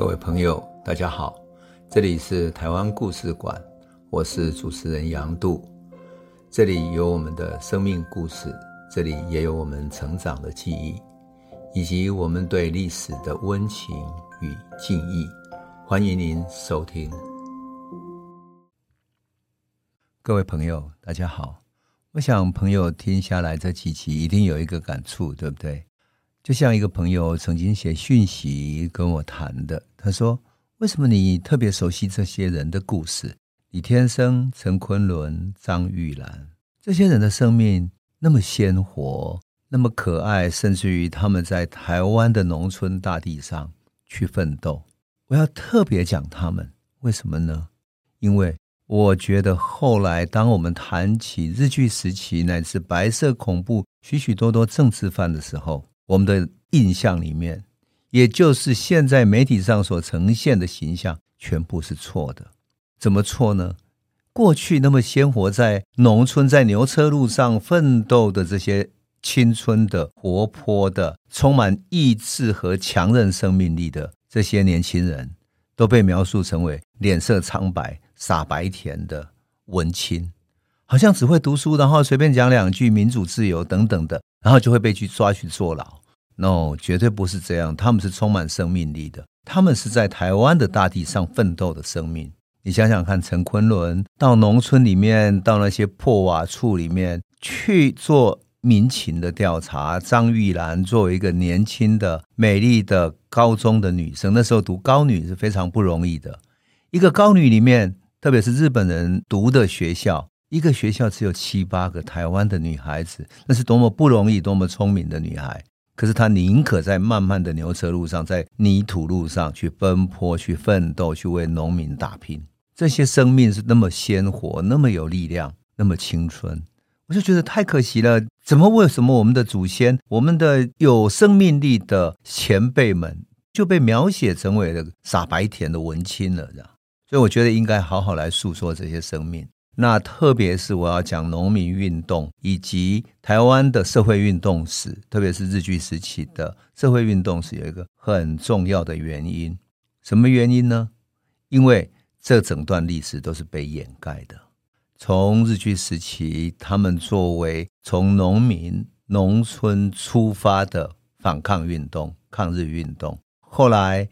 各位朋友，大家好，這裡是台灣故事館，我是主持人楊度，這裡有我們的生命故事，這裡也有我們成長的記憶，以及我們對歷史的溫情與敬意，歡迎您收聽。各位朋友，大家好，我想朋友聽下來這幾集，一定有一個感觸，對不對？就像一個朋友曾經寫訊息跟我談的，他說：“為什麼你特別熟悉這些人的故事？李天生、陳昆崙、張玉蘭這些人的生命那麼鮮活，那麼可愛，甚至於他們在台灣的農村大地上去奮鬥。我要特別講他們，為什麼呢？因為我覺得後來當我們談起日據時期乃至白色恐怖許許多多政治犯的時候。”我們的印象裡面，也就是現在媒體上所呈現的形象，全部是錯的。怎麼錯呢？過去那麼鮮活，在農村在牛車路上奮鬥的這些青春的、活潑的、充滿意志和強韌生命力的這些年輕人，都被描述成為臉色蒼白、傻白甜的文青，好像只會讀書，然後隨便講兩句民主自由等等的，然後就會被去抓去坐牢。No，絕對不是這樣。他們是充滿生命力的，他們是在台灣的大地上奮鬥的生命。你想想看陳，陳昆崙到農村裡面，到那些破瓦厝裡面去做民情的調查；張玉蘭作為一個年輕的、美麗的高中的女生，那時候讀高女是非常不容易的。一個高女裡面，特別是日本人讀的學校，一個學校只有七八個台灣的女孩子，那是多麼不容易，多麼聰明的女孩。可是他寧可在慢慢的牛車路上，在泥土路上去奔波去、去奮鬥、去為農民打拼，這些生命是那麼鮮活，那麼有力量，那麼青春，我就覺得太可惜了。怎麼為什麼我們的祖先、我們的有生命力的前輩們就被描寫成為了傻白甜的文青了呢？所以我覺得應該好好來訴說這些生命。那特別是我要講農民運動以及台灣的社會運動史，特別是日據時期的社會運動史，有一個很重要的原因，什麼原因呢？因為這整段歷史都是被掩蓋的。從日據時期，他們作為從農民農村出發的反抗運動、抗日運動，後來。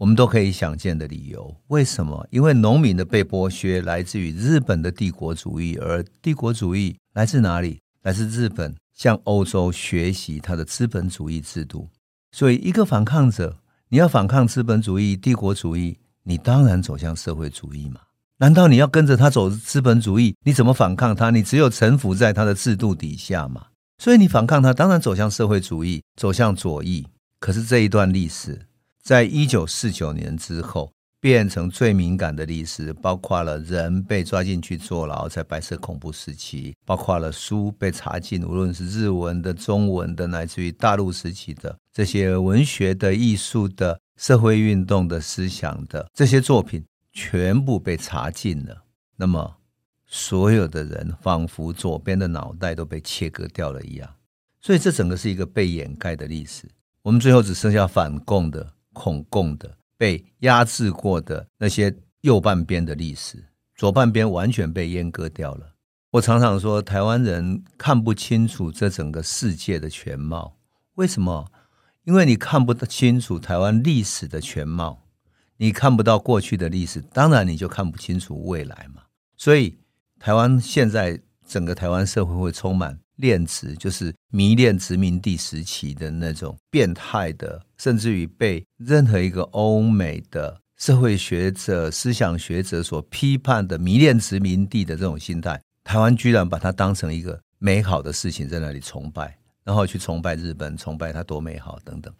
我們都可以想見的理由，為什麼？因為農民的被剝削來自於日本的帝國主義，而帝國主義來自哪裡？來自日本向歐洲學習它的資本主義制度。所以，一個反抗者，你要反抗資本主義、帝國主義，你當然走向社會主義嘛。難道你要跟着他走資本主義？你怎麼反抗他？你只有臣服在他的制度底下嘛。所以，你反抗他，當然走向社會主義，走向左翼。可是這一段歷史。在一九四九年之後，變成最敏感的歷史，包括了人被抓進去坐牢，在白色恐怖時期，包括了書被查禁，無論是日文的、中文的，乃至於大陸時期的這些文學的、藝術的、社會運動的思想的這些作品，全部被查禁了。那麼，所有的人仿佛左邊的腦袋都被切割掉了一樣。所以，這整個是一個被掩蓋的歷史。我們最後只剩下反共的。恐共的、被壓制過的那些右半邊的歷史，左半邊完全被閹割掉了。我常常說，台灣人看不清楚這整個世界的全貌，為什麼？因為你看不到清楚台灣歷史的全貌，你看不到過去的歷史，當然你就看不清楚未來嘛。所以，台灣現在整個台灣社會會充滿。戀殖就是迷戀殖民地時期的那種變態的，甚至於被任何一個歐美的社會學者、思想學者所批判的迷戀殖民地的這種心態，台灣居然把它當成一個美好的事情，在那裡崇拜，然後去崇拜日本，崇拜它多美好等等。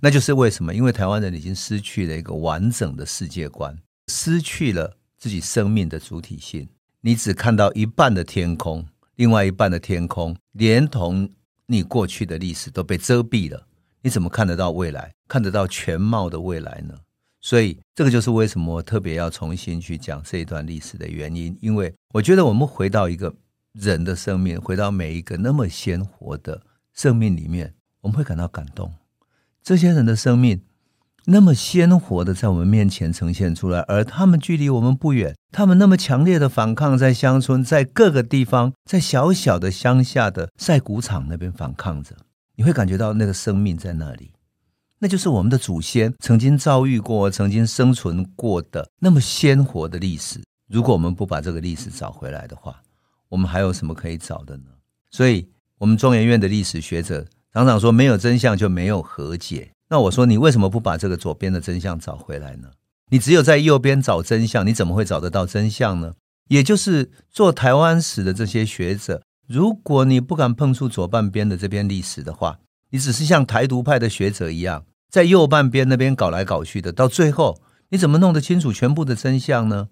那就是為什麼？因為台灣人已經失去了一個完整的世界觀，失去了自己生命的主體性，你只看到一半的天空。另外一半的天空，連同你過去的歷史都被遮蔽了，你怎麼看得到未來？看得到全貌的未來呢？所以，這個就是為什麼我特別要重新去講這一段歷史的原因。因為我覺得我們回到一個人的生命，回到每一個那麼鮮活的生命裡面，我們會感到感動。這些人的生命。那麼鮮活的在我們面前呈現出來，而他們距離我們不遠。他們那麼強烈的反抗，在鄉村，在各個地方，在小小的鄉下的曬穀場那邊反抗着。你會感覺到那個生命在那裡，那就是我們的祖先曾經遭遇過、曾經生存過的那麼鮮活的歷史。如果我們不把這個歷史找回來的話，我們還有什麼可以找的呢？所以，我們中研院的歷史學者常常說，沒有真相就沒有和解。那我說，你為什麼不把這個左邊的真相找回來呢？你只有在右邊找真相，你怎麼會找得到真相呢？也就是做台灣史的這些學者，如果你不敢碰觸左半邊的這邊歷史的話，你只是像台獨派的學者一樣，在右半邊那邊搞來搞去的，到最後你怎麼弄得清楚全部的真相呢？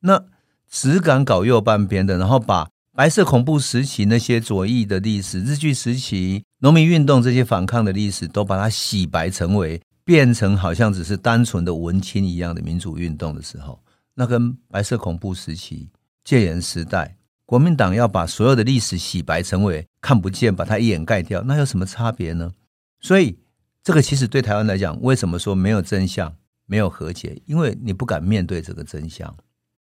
那只敢搞右半邊的，然後把。白色恐怖時期那些左翼的歷史、日據時期農民運動這些反抗的歷史，都把它洗白，成為變成好像只是單純的文青一樣的民主運動的時候，那跟白色恐怖時期戒嚴時代國民黨要把所有的歷史洗白，成為看不見，把它一掩蓋掉，那有什麼差別呢？所以，這個其實對台灣來講，為什麼說沒有真相、沒有和解？因為你不敢面對這個真相，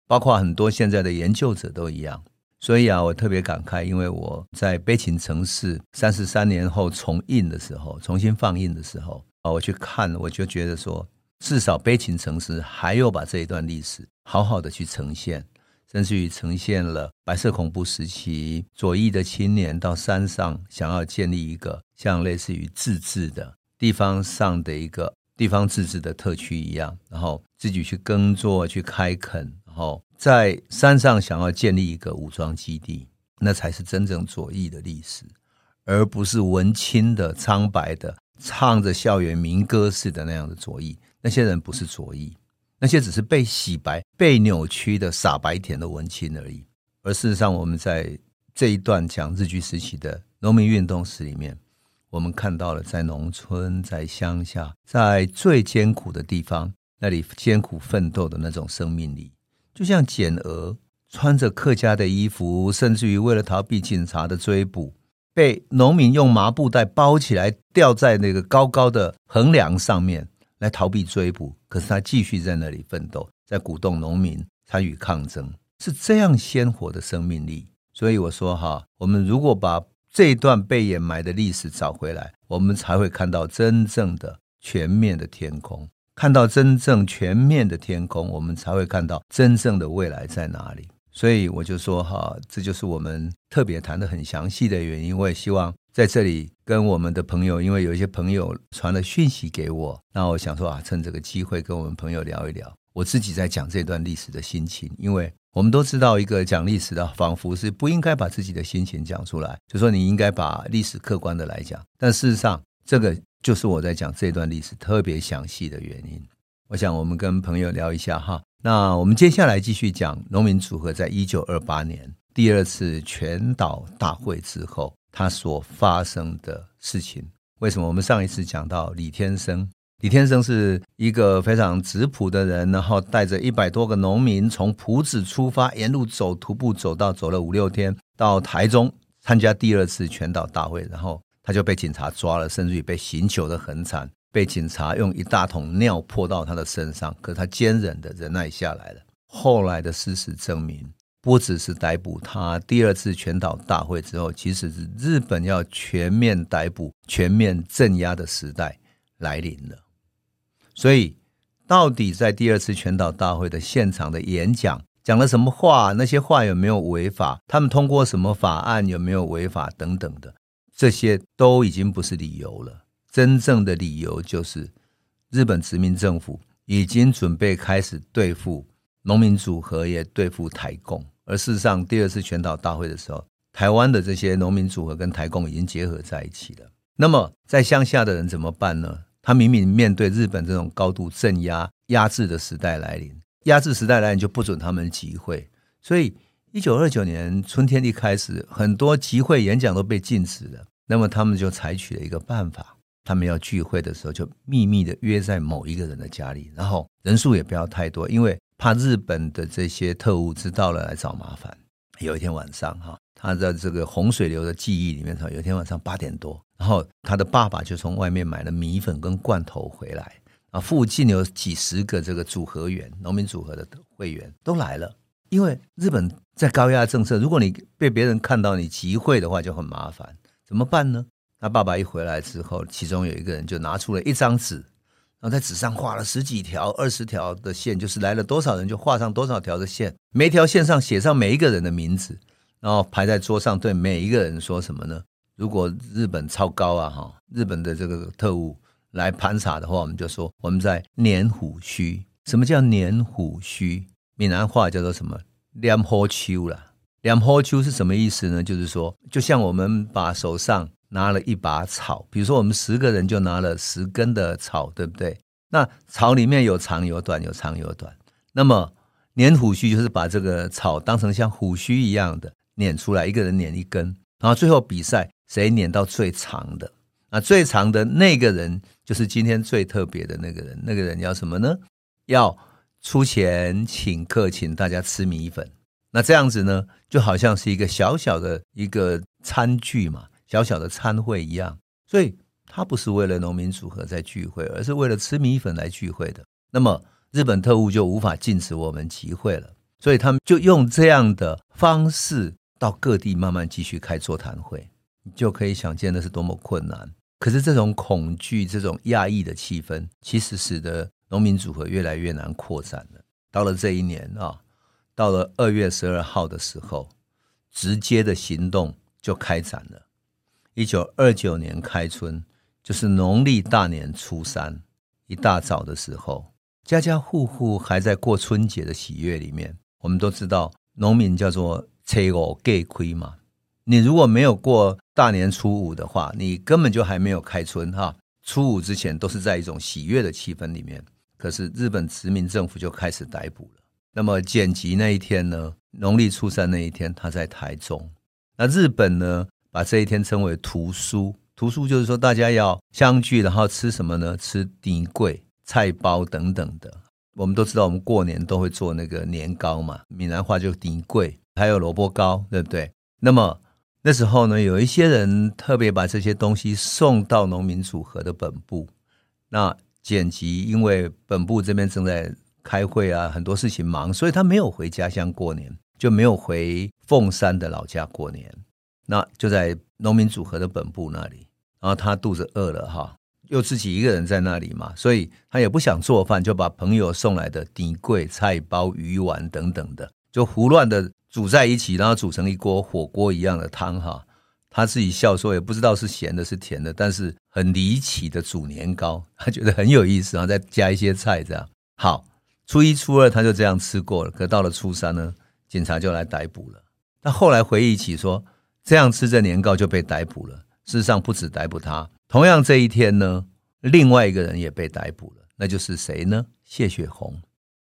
包括很多現在的研究者都一樣。所以啊，我特別感慨，因為我在《悲情城市》三十三年後重映的時候，重新放映的時候啊，我去看，我就覺得說，至少《悲情城市》還有把這一段歷史好好的去呈現，甚至於呈現了白色恐怖時期左翼的青年到山上想要建立一個像類似於自治的地方上的一個地方自治的特區一樣，然後自己去耕作、去開墾，然後。在山上想要建立一個武裝基地，那才是真正左翼的歷史，而不是文青的蒼白的唱着校園民歌似的那樣的左翼。那些人不是左翼，那些只是被洗白、被扭曲的傻白甜的文青而已。而事實上，我們在這一段講日據時期的農民運動史裡面，我們看到了在農村、在鄉下、在最艱苦的地方，那裡艱苦奮鬥的那種生命力。就像簡娥穿着客家的衣服，甚至於為了逃避警察的追捕，被農民用麻布袋包起來，吊在那個高高的橫樑上面來逃避追捕。可是他繼續在那裡奮鬥，在鼓動農民參與抗爭，是這樣鮮活的生命力。所以我說哈，我們如果把這段被掩埋的歷史找回來，我們才會看到真正的全面的天空。看到真正全面的天空，我們才會看到真正的未來在哪裡。所以我就說哈、啊，這就是我們特別談得很詳細的原因。我也希望在這裡跟我們的朋友，因為有一些朋友傳了訊息給我，那我想說啊，趁這個機會跟我們朋友聊一聊我自己在講這段歷史的心情，因為我們都知道，一個講歷史的仿佛是不應該把自己的心情講出來，就說你應該把歷史客觀的來講。但事實上，這個。就是我在講這段歷史特別詳細的原因。我想我們跟朋友聊一下哈。那我們接下來繼續講農民組合在一九二八年第二次全島大會之後，他所發生的事情。為什麼我們上一次講到李天生？李天生是一個非常質樸的人，然後帶着一百多個農民從埔子出發，沿路走徒步走到，走了五六天，到台中參加第二次全島大會，然後他就被警察抓了，甚至於被刑求的很慘，被警察用一大桶尿潑到他的身上。可他堅忍的忍耐下來了。後來的事實證明，不只是逮捕他，第二次全島大會之後，其實是日本要全面逮捕、全面鎮壓的時代來臨了。所以，到底在第二次全島大會的現場的演講講了什麼話？那些話有沒有違法？他們通過什麼法案？有沒有違法？等等的。這些都已經不是理由了。真正的理由就是，日本殖民政府已經準備開始對付農民組合，也對付台共。而事實上，第二次全島大會的時候，台灣的這些農民組合跟台共已經結合在一起了。那麼，在鄉下的人怎麼辦呢？他明明面對日本這種高度鎮壓、壓制的時代來臨，壓制時代來臨就不准他們集會，所以。一九二九年春天一開始，很多集會演講都被禁止了。那麼他們就採取了一個辦法：他們要聚會的時候，就秘密的約在某一個人的家裡，然後人數也不要太多，因為怕日本的這些特務知道了來找麻煩。有一天晚上，哈，他的這個洪水流的記憶裡面說，有一天晚上八點多，然後他的爸爸就從外面買了米粉跟罐頭回來啊，附近有幾十個這個組合員、農民組合的會員都來了。因為日本在高壓政策，如果你被別人看到你集會的話就很麻煩，怎麼辦呢？他爸爸一回來之後，其中有一個人就拿出了一張紙，然後在紙上畫了十幾條、二十條的線，就是來了多少人就畫上多少條的線，每一條線上寫上每一個人的名字，然後排在桌上，對每一個人說什麼呢？如果日本超高啊哈，日本的這個特務來盤查的話，我們就說我們在黏虎鬚。什麼叫黏虎鬚？閩南話叫做什麼？兩禾秋啦，兩禾秋是什麼意思呢？就是說，就像我們把手上拿了一把草，比如說我們十個人就拿了十根的草，對不對？那草裡面有長有短，有長有短。那麼捻虎鬚就是把這個草當成像虎鬚一樣的捻出來，一個人捻一根，然後最後比賽誰捻到最長的，啊，最長的那個人就是今天最特別的那個人。那個人要什麼呢？要。出錢請客，請大家吃米粉。那這樣子呢，就好像是一個小小的一個餐聚嘛，小小的餐會一樣。所以，他不是為了農民組合在聚會，而是為了吃米粉來聚會的。那麼，日本特務就無法禁止我們集會了。所以，他們就用這樣的方式到各地慢慢繼續開座談會。你就可以想見那是多麼困難。可是，這種恐懼、這種壓抑的氣氛，其實使得。農民組合越來越難擴展了。到了這一年啊，到了二月十二號的時候，直接的行動就開展了。一九二九年開春，就是農曆大年初三一大早的時候，家家戶戶還在過春節的喜悅裡面。我們都知道，農民叫做“初五隔開”嘛。你如果沒有過大年初五的話，你根本就還沒有開春哈、啊。初五之前都是在一種喜悅的氣氛裡面。可是日本殖民政府就開始逮捕了。那麼簡吉那一天呢？農曆初三那一天，他在台中。那日本呢，把這一天稱為“屠蘇”，屠蘇就是說大家要相聚，然後吃什麼呢？吃甜粿、菜包等等的。我們都知道，我們過年都會做那個年糕嘛，閩南話就甜粿，還有蘿蔔糕，對不對？那麼那時候呢，有一些人特別把這些東西送到農民組合的本部，那。簡吉，因為本部這邊正在開會啊，很多事情忙，所以他沒有回家鄉過年，就沒有回鳳山的老家過年。那就在農民組合的本部那裡，然後他肚子餓了哈，又自己一個人在那裡嘛，所以他也不想做飯，就把朋友送來的甜粿、菜包、魚丸等等的，就胡亂的煮在一起，然後煮成一鍋火鍋一樣的湯哈。他自己笑說，也不知道是鹹的，是甜的，但是很離奇的煮年糕，他覺得很有意思，然後再加一些菜這樣。好，初一初二他就這樣吃過了。可到了初三呢，警察就來逮捕了。他後來回憶起說，這樣吃這年糕就被逮捕了。事實上不止逮捕他，同樣這一天呢，另外一個人也被逮捕了，那就是誰呢？謝雪紅，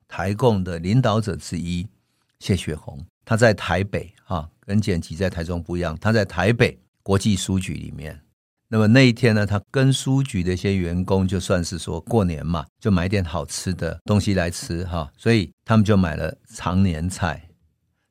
台共的領導者之一，謝雪紅。他在台北哈，跟簡吉在台中不一樣。他在台北國際書局裡面，那麼那一天呢，他跟書局的一些員工，就算是說過年嘛，就買一點好吃的東西來吃哈。所以他們就買了長年菜，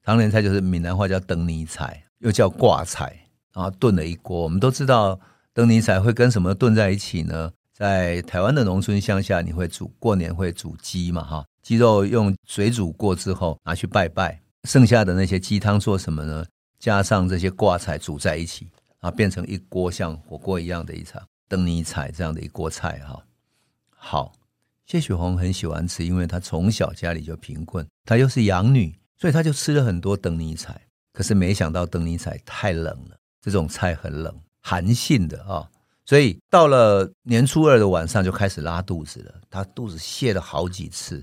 長年菜就是閩南話叫燈泥菜，又叫掛菜，然後燉了一鍋。我們都知道燈泥菜會跟什麼燉在一起呢？在台灣的農村鄉下，你會煮過年會煮雞嘛哈，雞肉用水煮過之後拿去拜拜。剩下的那些雞湯做什麼呢？加上這些掛菜煮在一起，啊，變成一鍋像火鍋一樣的一場燈泥菜這樣的一鍋菜哈。好，謝雪紅很喜歡吃，因為她從小家裡就貧困，她又是養女，所以她就吃了很多燈泥菜。可是沒想到燈泥菜太冷了，這種菜很冷，寒性的啊，所以到了年初二的晚上就開始拉肚子了，她肚子瀉了好幾次，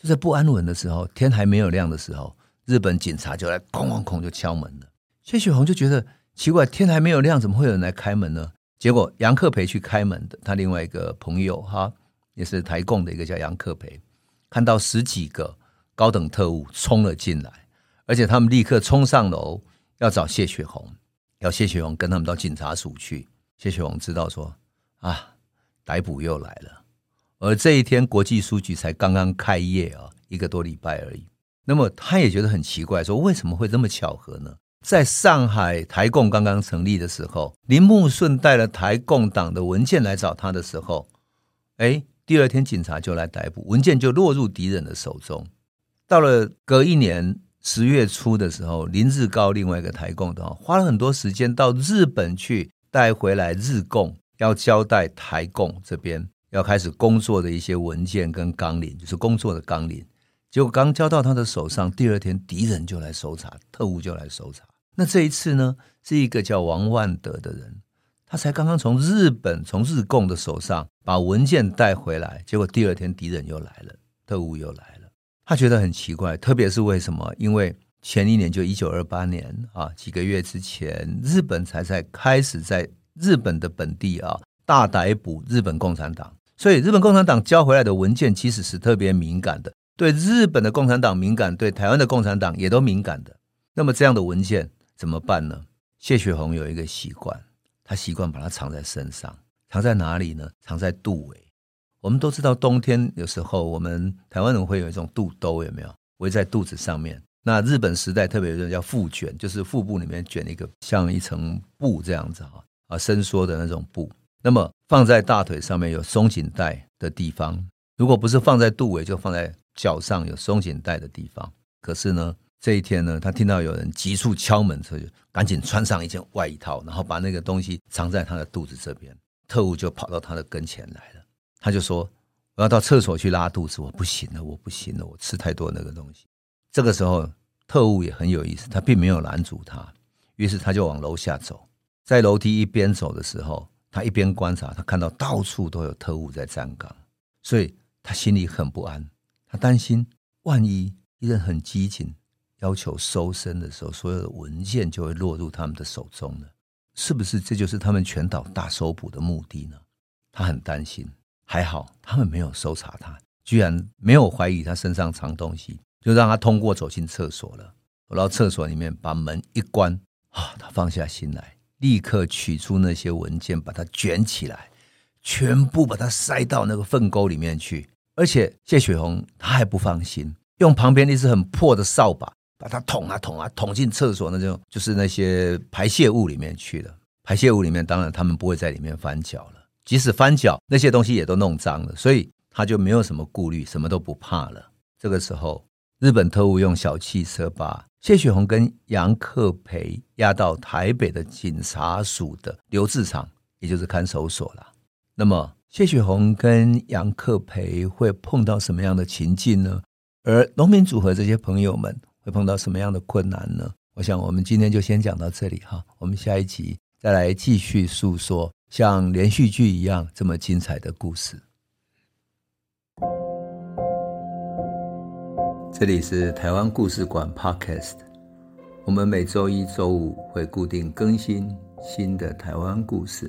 就在不安穩的時候，天還沒有亮的時候。日本警察就來，哐哐哐，就敲門了。謝雪紅就覺得奇怪，天還沒有亮，怎麼會有人來開門呢？結果楊克培去開門的，他另外一個朋友哈，也是台共的一個叫楊克培，看到十幾個高等特務衝了進來，而且他們立刻衝上樓要找謝雪紅，要謝雪紅跟他們到警察署去。謝雪紅知道說啊，逮捕又來了。而這一天國際書局才剛剛開業啊，一個多禮拜而已。那麼他也覺得很奇怪，說為什麼會這麼巧合呢？在上海台共剛剛成立的時候，林木順帶了台共黨的文件來找他的時候，哎、欸，第二天警察就來逮捕，文件就落入敵人的手中。到了隔一年十月初的時候，林日高另外一個台共的花了很多時間到日本去帶回來日共要交代台共這邊要開始工作的一些文件跟綱領，就是工作的綱領。結果剛交到他的手上，第二天敵人就來搜查，特務就來搜查。那這一次呢，是一個叫王萬德的人，他才剛剛從日本從日共的手上把文件帶回來，結果第二天敵人又來了，特務又來了。他覺得很奇怪，特別是為什麼？因為前一年就一九二八年啊，幾個月之前，日本才在開始在日本的本地啊大逮捕日本共產黨，所以日本共產黨交回來的文件其實是特別敏感的。對日本的共產黨敏感，對台灣的共產黨也都敏感的。那麼這樣的文件怎麼辦呢？謝雪紅有一個習慣，他習慣把它藏在身上，藏在哪裡呢？藏在肚圍。我們都知道，冬天有時候我們台灣人會有一種肚兜，有沒有？圍在肚子上面。那日本時代特別有一種叫腹卷，就是腹部裡面卷一個像一層布這樣子啊啊，伸縮的那種布。那麼放在大腿上面有鬆緊帶的地方，如果不是放在肚圍，就放在。腳上有鬆緊帶的地方，可是呢，這一天呢，他聽到有人急速敲門車，他就趕緊穿上一件外套，然後把那個東西藏在他的肚子這邊。特務就跑到他的跟前來了，他就說：“我要到廁所去拉肚子，我不行了，我不行了，我吃太多那個東西。”這個時候，特務也很有意思，他並沒有攔住他，於是他就往樓下走。在樓梯一邊走的時候，他一邊觀察，他看到到處都有特務在站崗，所以他心裡很不安。他擔心，萬一一人很激情，要求搜身的時候，所有的文件就會落入他們的手中了。是不是這就是他們全島大搜捕的目的呢？他很擔心。還好，他們沒有搜查他，居然沒有懷疑他身上藏東西，就讓他通過走進廁所了。走到廁所裡面，把門一關，啊，他放下心來，立刻取出那些文件，把它捲起來，全部把它塞到那個糞溝裡面去。而且謝雪紅他還不放心，用旁邊一只很破的掃把把他捅啊捅啊捅進廁所，那種就，就是那些排泄物裡面去了。排泄物裡面當然他們不會在裡面翻攪了，即使翻攪那些東西也都弄髒了，所以他就沒有什麼顧慮，什麼都不怕了。這個時候，日本特務用小汽車把謝雪紅跟楊克培押到台北的警察署的留置場，也就是看守所了。那麼。謝雪紅跟楊克培會碰到什麼樣的情境呢？而農民組合這些朋友們會碰到什麼樣的困難呢？我想我們今天就先講到這裡哈，我們下一集再來繼續訴說像連續劇一樣這麼精彩的故事。這裡是台灣故事館 Podcast，我們每周一、周五會固定更新新的台灣故事。